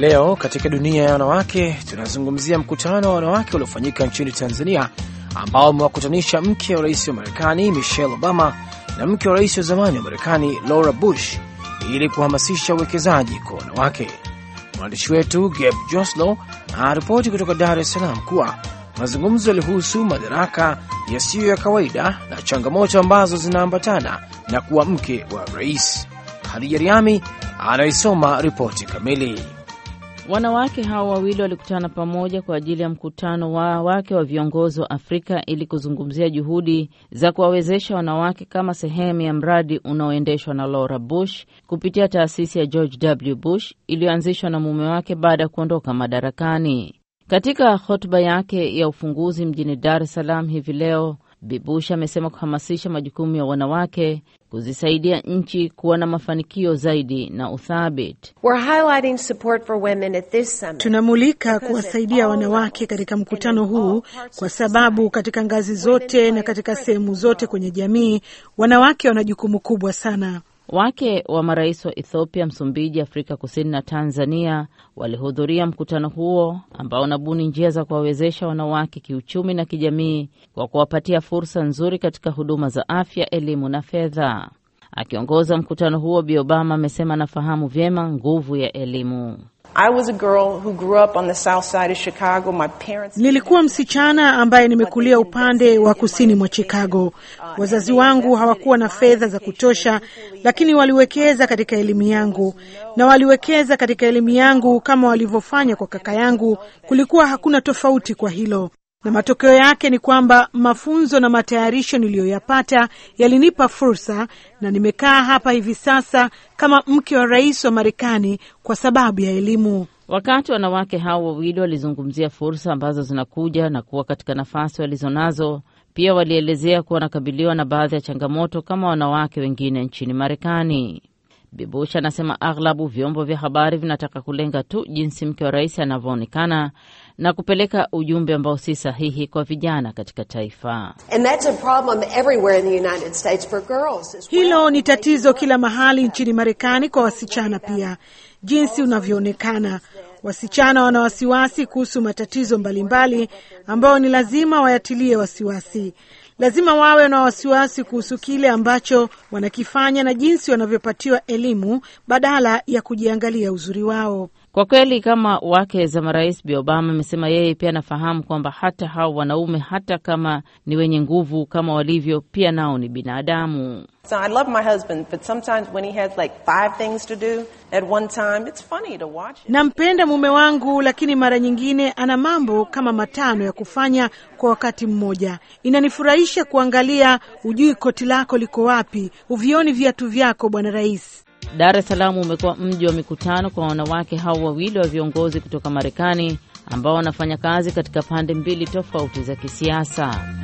leo katika dunia ya wanawake tunazungumzia mkutano wa wanawake uliofanyika nchini Tanzania ambao umewakutanisha mke wa rais wa Marekani Michelle Obama na mke wa rais wa zamani wa Marekani Laura Bush ili kuhamasisha uwekezaji kwa wanawake. Mwandishi wetu Geb Joslow anaripoti kutoka Dar es Salaam kuwa mazungumzo yalihusu madaraka yasiyo ya kawaida na changamoto ambazo zinaambatana na kuwa mke wa rais. Hadija Riami anaisoma ripoti kamili. Wanawake hao wawili walikutana pamoja kwa ajili ya mkutano wa wake wa viongozi wa Afrika ili kuzungumzia juhudi za kuwawezesha wanawake kama sehemu ya mradi unaoendeshwa na Laura Bush kupitia taasisi ya George W. Bush iliyoanzishwa na mume wake baada ya kuondoka madarakani. Katika hotuba yake ya ufunguzi mjini Dar es Salaam hivi leo, Bi amesema kuhamasisha majukumu ya wanawake kuzisaidia nchi kuwa na mafanikio zaidi na uthabiti. Tunamulika kuwasaidia wanawake katika mkutano huu kwa sababu katika ngazi zote na katika sehemu zote kwenye jamii wanawake wana jukumu kubwa sana. Wake wa marais wa Ethiopia, Msumbiji, Afrika Kusini na Tanzania walihudhuria mkutano huo ambao unabuni njia za kuwawezesha wanawake kiuchumi na kijamii kwa kuwapatia fursa nzuri katika huduma za afya, elimu na fedha. Akiongoza mkutano huo, Bi Obama amesema anafahamu vyema nguvu ya elimu. Nilikuwa msichana ambaye nimekulia upande wa kusini mwa Chicago. Wazazi wangu hawakuwa na fedha za kutosha, lakini waliwekeza katika elimu yangu, na waliwekeza katika elimu yangu kama walivyofanya kwa kaka yangu. Kulikuwa hakuna tofauti kwa hilo na matokeo yake ni kwamba mafunzo na matayarisho niliyoyapata yalinipa fursa, na nimekaa hapa hivi sasa kama mke wa rais wa Marekani kwa sababu ya elimu. Wakati wanawake hao wawili walizungumzia fursa ambazo zinakuja na kuwa katika nafasi walizonazo, pia walielezea kuwa wanakabiliwa na baadhi ya changamoto kama wanawake wengine nchini Marekani. Bibush anasema aghlabu vyombo vya habari vinataka kulenga tu jinsi mke wa rais anavyoonekana na kupeleka ujumbe ambao si sahihi kwa vijana katika taifa hilo. Ni tatizo kila mahali nchini Marekani kwa wasichana pia, jinsi unavyoonekana. Wasichana wana wasiwasi kuhusu matatizo mbalimbali ambayo ni lazima wayatilie wasiwasi lazima wawe na wasiwasi kuhusu kile ambacho wanakifanya na jinsi wanavyopatiwa elimu badala ya kujiangalia uzuri wao. Kwa kweli kama wake za marais, Bi Obama amesema yeye pia anafahamu kwamba hata hao wanaume, hata kama ni wenye nguvu kama walivyo, pia nao ni binadamu. So like nampenda mume wangu, lakini mara nyingine ana mambo kama matano ya kufanya kwa wakati mmoja. Inanifurahisha kuangalia, ujui koti lako liko wapi, uvioni viatu vyako, bwana rais. Dar es Salaam umekuwa mji wa mikutano kwa wanawake hao wawili wa viongozi kutoka Marekani ambao wanafanya kazi katika pande mbili tofauti za kisiasa.